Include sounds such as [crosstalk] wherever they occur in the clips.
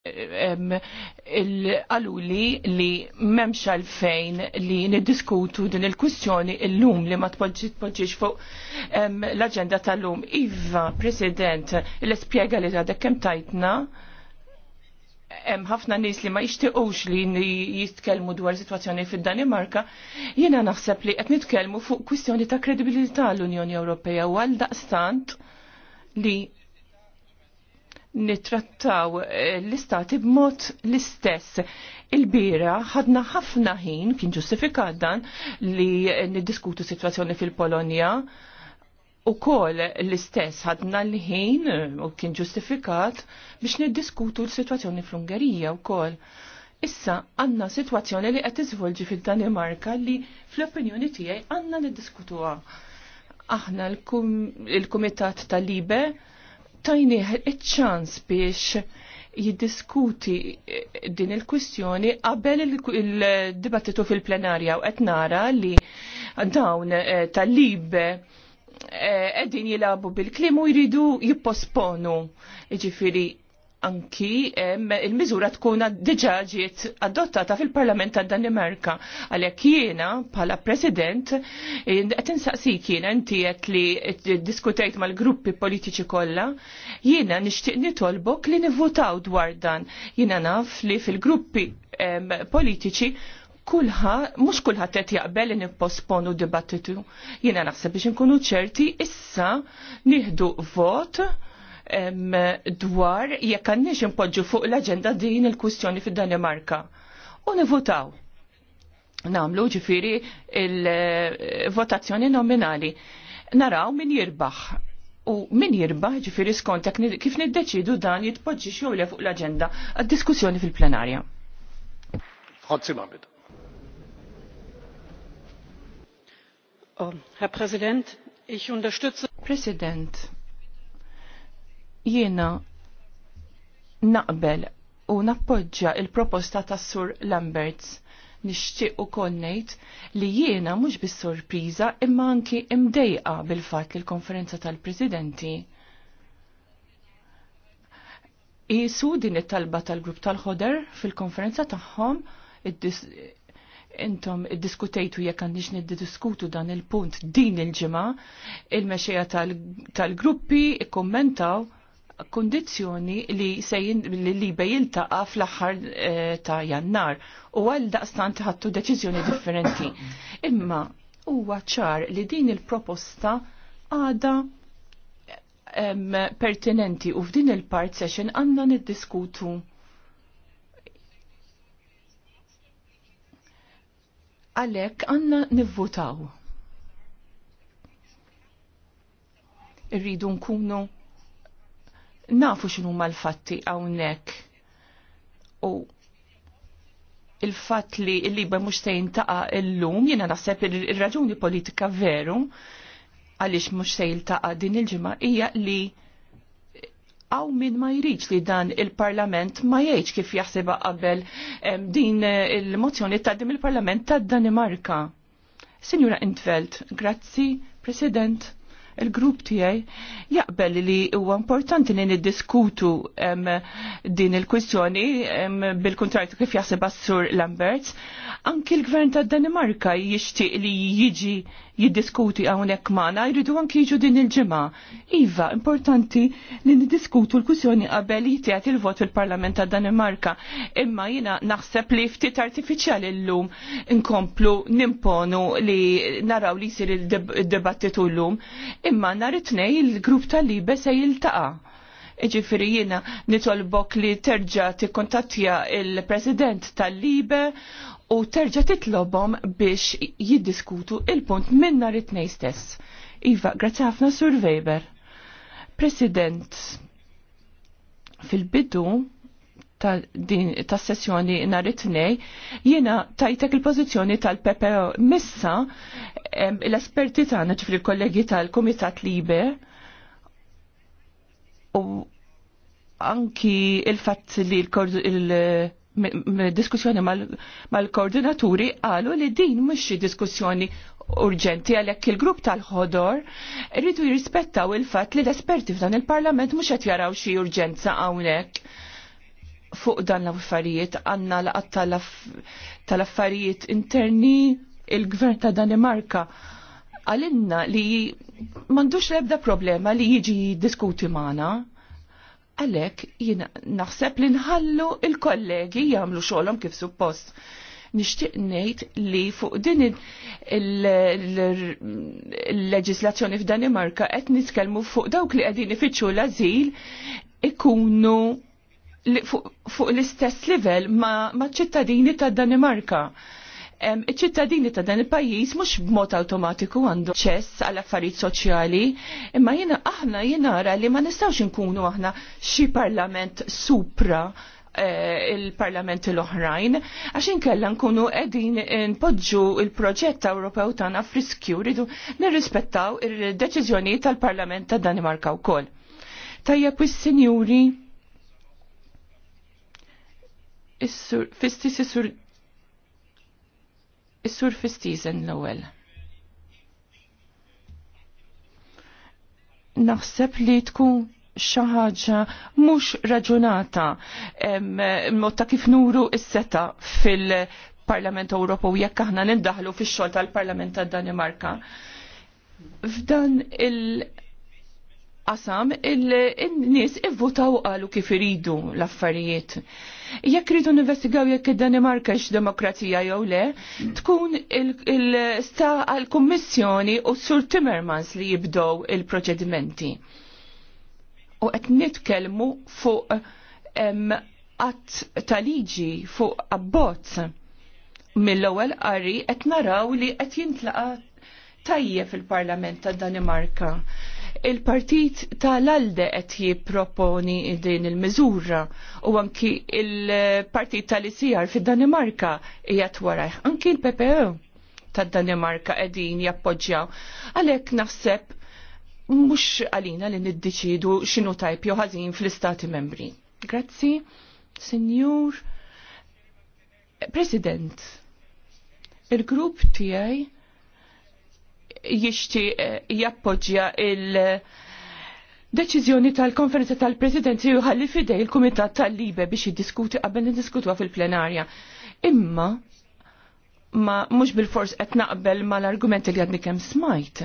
għaluli li memx għalfejn li niddiskutu din il kustjoni il-lum li ma tpoġġiġ fuq l-agenda tal-lum. Iva, President, l-espiega li għadek kem tajtna, hemm ħafna nies li ma jixtiequx li jitkellmu dwar situazzjoni fid-Danimarka, jiena naħseb li qed nitkellmu fuq kwistjoni ta' kredibilità l-Unjoni Ewropea u għal daqstant li nitrattaw eh, l-istati b'mod l-istess. Il-bira ħadna ħafna ħin, kien ġustifikat dan, li niddiskutu situazzjoni fil-Polonja, u kol l-istess ħadna l-ħin eh, u kien ġustifikat biex niddiskutu l-situazzjoni fl-Ungerija u kol. Issa għanna situazzjoni li qed iżvolġi fil-Danimarka li fl-opinjoni tiegħi għanna niddiskutuha. Aħna l-Kumitat tal-Libe tajni ċans biex jiddiskuti eh, din il-kwistjoni qabel il-dibattitu fil-plenarja u qed nara li dawn eh, tal lib edin eh, jilabu bil klimu u jridu jipposponu. Ġifiri, anki il-miżura tkun diġa ġiet adottata fil-Parlament tad Danimarka. Għalhekk jiena bħala President qed insaqsik kiena, inti għet li diskutejt mal-gruppi politiċi kollha, jiena nixtieq nitolbok li nivvutaw dwar dan. Jiena naf li fil-gruppi politiċi kulħa, mux kulħa qed jaqbel li nipposponu dibattitu. Jiena naħseb biex nkunu ċerti issa nieħdu vot dwar jekk għandniex impoġġu fuq l-aġenda din il-kwistjoni fid-Danimarka. U nivutaw. Namlu ġifiri il-votazzjoni nominali. Naraw min jirbaħ. U min jirbaħ ġifiri skont kif niddeċidu dan jitpoġġi xew le fuq l-aġenda għad-diskussjoni fil-plenarja. Um, Herr Präsident, ich unterstütze. Präsident, Jiena naqbel u nappoġġa il-proposta ta' Sur Lamberts nixtieq u konnejt li jiena mhux bis-sorpriża imma anki imdejqa bil-fatt li l-konferenza tal-Presidenti jisu din it-talba tal-grupp tal-ħoder fil-konferenza tagħhom intom iddiskutejtu jekk għandix niddiskutu dan il-punt din il-ġimgħa il-mexejja tal-gruppi ikkommentaw il kondizjoni li sejn li libe jiltaqa fl-aħħar eh, ta' jannar u għal daqstant ħattu deċiżjoni differenti. Imma huwa ċar li din il-proposta għada pertinenti u f'din il-part session għanna niddiskutu għalek għanna nivvotaw. Irridu nkunu nafu xinu ma l-fatti għawnek. U il-fat li il-liba mux sejn taqa il-lum, jena naħseb il-raġuni politika veru, għalix mux sejn taqa din il-ġima, hija li għaw min ma jriċ li dan il-parlament ma jgħidx kif jaħseba qabel din il-mozzjoni ta' dim il-parlament ta' Danimarka. Signora Intveld, grazzi, President il-grupp tiegħi jaqbel li huwa importanti li niddiskutu din il-kwistjoni bil-kontrarju kif jaħseb sur Lambert. Anki l-gvern ta' Danimarka jixtieq li jiġi jiddiskuti hawnhekk magħna jridu anki jiġu din il-ġimgħa. Iva, importanti li niddiskutu l-kwistjoni qabel jitgħet il-vot fil-Parlament ta' Danimarka. Imma jiena naħseb li ftit artifiċjali llum inkomplu nimponu li naraw li jsir il-dibattitu llum imma nhar it-tnej il-grupp tal-libe se jiltaqa. Iġifiri jina nitolbok li terġa tikkontattja il-president tal-libe u terġa titlobhom biex jiddiskutu il-punt minn nhar it-tnej stess. Iva, grazzi ħafna Sur Weber. President, fil-bidu tal-din sessjoni nhar it-tnej, jiena tajtek il-pożizzjoni tal pepe missa l-esperti tagħna ġifri kollegi tal-Kumitat Liber u anki il-fatt li l-diskussjoni mal-koordinaturi qalu li din mhux diskussjoni urġenti għalhekk il-grupp tal-ħodor rridu jirrispettaw il-fatt li l-esperti f'dan il-Parlament mhux qed jaraw xi urġenza hawnhekk fuq dan l-affarijiet għanna laqat tal-affarijiet interni il-gvern ta' Danimarka għalinna li mandux lebda problema li jiġi diskuti maħna. Għalek jina naħseb li nħallu il-kollegi jgħamlu xolom kif suppost. Nishtiq nejt li fuq din il-leġislazzjoni f'Danimarka qed nitkellmu fuq dawk li qegħdin ifittxu l-azil ikunu fuq l-istess livell ma' ċittadini ta' Danimarka. Iċ-ċittadini ta' dan il-pajjiż mhux b'mod awtomatiku għandu ċess għal affarijiet soċjali, imma jiena aħna jinara li ma nistawx inkunu aħna xi parlament supra eh, il-parlament l-oħrajn, għax inkella nkunu edin npoġġu il-proġett Ewropew tagħna friskju ridu nirrispettaw il-deċiżjoni tal-Parlament ta' Danimarka wkoll. Tajjeb is-sinjuri Is-sur Fistis is-sur is-sur Fistisen l-ewwel. Naħseb li tkun xi ħaġa mhux raġunata mod ta' kif nuru s-seta fil-Parlament Ewropew jekk aħna nindaħlu fix-xogħol tal-Parlament tad-Danimarka. F'dan il- qasam il-nies ivvutaw qalu kif iridu l-affarijiet. Jekk ridu investigaw jekk id-Danimarka x-demokrazija jew le, tkun il-sta għal-Kummissjoni u Sur Timmermans li jibdow il-proċedimenti. U qed nitkellmu fuq qatt ta' liġi fuq abbozz. Mill-ewwel qari qed naraw li qed jintlaqa tajje fil-Parlament tad Danimarka il-partit tal-alde qed jipproponi din il-miżura u anki il-partit tal-ICR fid-Danimarka jgħat warajh. Anki l-PPE tad-Danimarka qegħdin jappoġġjaw. Għalhekk naħseb mhux għalina li niddeċidu xinu tajp joħazin ħażin fl-Istati Membri. Grazzi, Sinjur President. Il-grupp tiegħi jixti eh, jappoġġja il- eh, Deċiżjoni tal-konferenza tal-Presidenti juħalli fidej il-Kumitat tal-Libe biex jiddiskuti qabel niddiskutuha fil-plenarja. Imma ma mhux bil-fors qed naqbel mal-argumenti li għadni kemm smajt.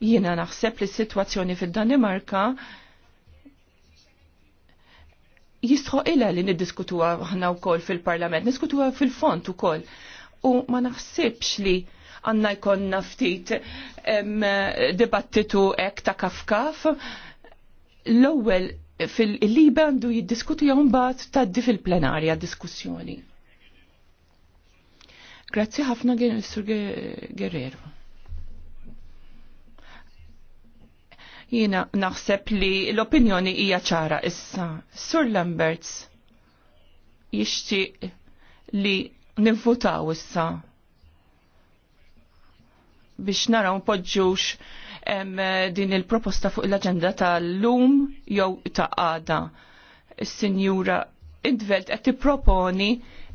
Jiena naħseb li s-sitwazzjoni fid-Danimarka jistħoq ilha li niddiskutuha aħna wkoll fil-Parlament, niskutuha fil-font ukoll. U ma naħsibx li għanna jkonna ftit dibattitu ek ta' kafkaf. L-ewwel fil-libe għandu jiddiskutu jew bat taddi fil-plenarja diskussjoni. Grazzi ħafna Sur Guerrero. Jiena naħseb li l-opinjoni hija ċara issa. Sur Lamberts jixti li nivvotaw issa biex naraw podġux din il-proposta fuq l-agenda tal-lum jew ta' għada. Is-Sinjura Indvelt qed tipproponi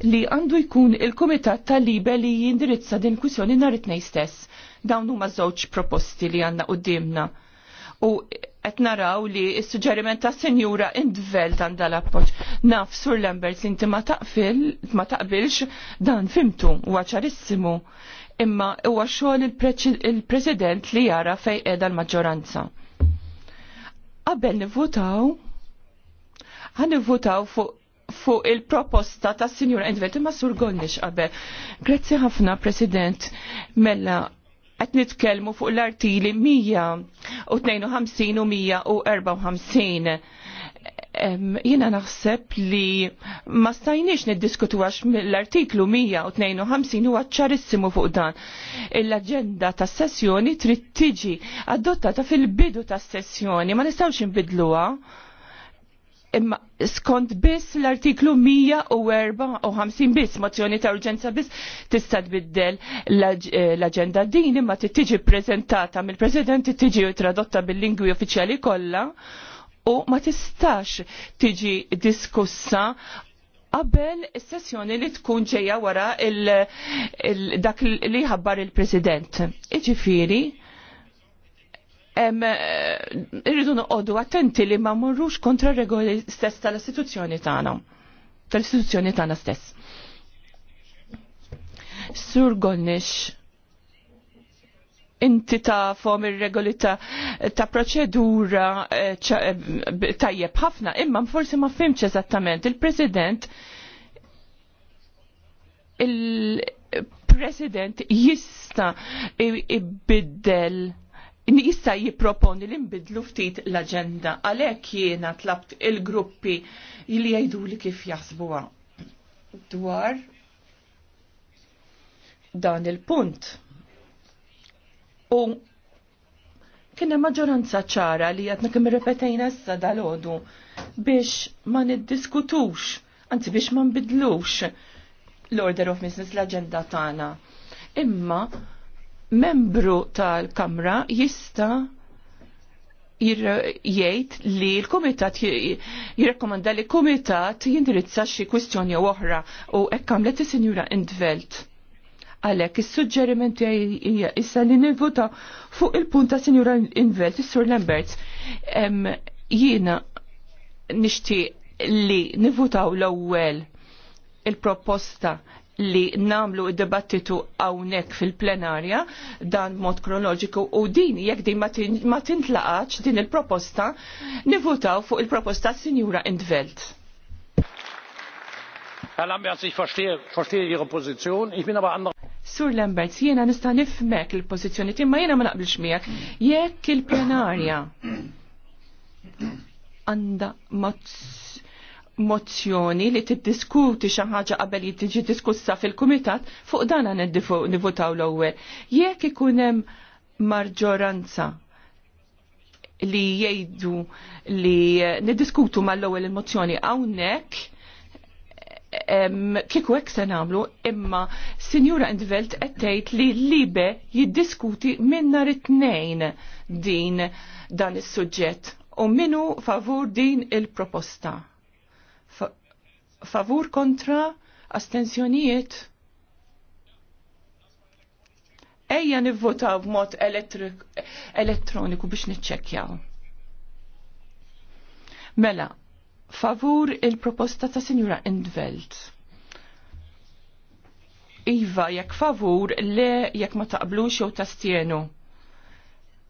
li għandu jkun il-Kumitat tal-Libe li jindirizza din kwissjoni nhar it-tnejn stess. Dawn huma żewġ proposti li għandna qudiemna. U qed naraw li s-suġġeriment ta' Senjura indvel dan dal-appoġġ. Naf Sur Lambert li inti ma taqfil, ma taqbilx dan fimtu huwa ċarissimu. Imma huwa xogħol il-President li jara fej qiegħda l-maġġoranza. Qabel nivvutaw, Ħa nivvutaw fuq fu il-proposta ta' Sinjura indvel, imma Sur Gollnish qabel. Grazzi ħafna, President, mella qed nitkellmu fuq l-artili 152 u 154 Jena naħseb li ma stajniex niddiskutu għax l-artiklu 152 huwa ċarissimu fuq dan. L-agenda ta' sessjoni trid tiġi adottata fil-bidu ta' sessjoni, ma nistawx nbidluha. Imma skont biss l-artiklu 154 biss mozzjoni ta' urġenza biss tista' tbiddel l-aġenda eh, din imma tiġi prezentata mill-President tiġi tradotta bil-lingwi uffiċjali kollha u ma tistax tiġi diskussa qabel is-sessjoni li tkun ġejja wara il, il, dak li ħabbar il-President. Iġifieri, Eh, irridu noqogħdu attenti li ma morrux kontra regoli stess tal-istituzzjoni tagħna. Tal-istituzzjoni tagħna stess. Sur Golnish, inti ta' fom ir-regoli ta', ta proċedura eh, eh, tajjeb ħafna, imma forsi ma fimx eżattament il-President il-President jista' ibiddel jista jipproponi li nbidlu ftit l-agenda għalhekk jiena tlabt il-gruppi li jgħidu li kif jaħsbuha dwar dan il-punt. U kien hemm maġġoranza ċara li qed kim irrepetejna issa dal-għodu biex ma niddiskutux, anzi biex ma nbidlux l-order of business l-agenda tagħna. Imma membru tal-Kamra jista' jgħid li l-Kumitat jirrakkomanda li l-Kumitat jindirizza xi kwistjoni oħra u hekk għamlet is-Sinjura Indvelt. Għalhekk is sugġeriment hija issa li nivuta fuq il-punt ta' Sinjura Indvelt is-Sur Lamberts. Jiena nixtieq li u l-ewwel il-proposta li namlu id-dibattitu għawnek fil-plenarja dan mod kronoloġiku u din jekk din ma tintlaqax din il-proposta nivutaw fuq il-proposta Sinjura Indvelt. Herr Lambert, ich verstehe, verstehe Ihre Position. Ich bin aber anderer. Sur Lambert, jiena nista' nifmek il-pożizzjoni ma jiena ma naqbilx miegħek. Jekk il-plenarja [coughs] għandha mazz mozzjoni li tiddiskuti xi ħaġa qabel li tiġi diskussa fil-kumitat fuq dan għan nivutaw l-ewwel. Jekk ikun hemm marġoranza li jgħidu li eh, niddiskutu mal-ewwel il-mozzjoni hawnhekk kieku hekk se nagħmlu, imma Sinjura Endvelt qed tgħid li libe jiddiskuti minn nhar it-tnejn din dan is-suġġett u minu favur din il-proposta favur kontra astenzjonijiet ejja nivvotaw b'mod elettroniku biex niċċekkjaw. Mela, favur il-proposta ta' Sinjura Indvelt. Iva, jekk favur le jekk ma taqblux jew tastienu.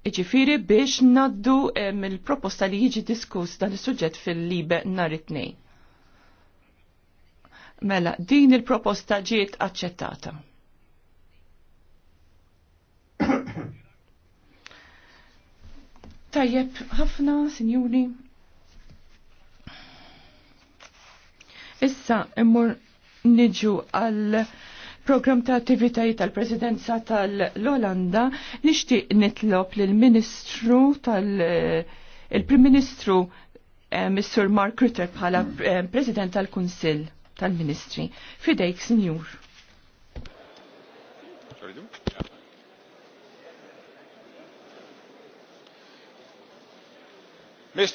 Iġifiri biex naddu mill-proposta li jiġi diskuss dan is-suġġett fil-libe nhar it-tnejn. Mela, din il-proposta ġiet aċċettata. Tajjeb, ħafna, sinjuri. Issa, immur niġu għal program ta' attivitajiet tal-Presidenza tal-Olanda, nixtieq nitlob lill-Ministru tal-Prim-Ministru eh, Mr. Mark Rutter bħala eh, President tal-Kunsill tal-Ministri. Fidejk, Sinjur.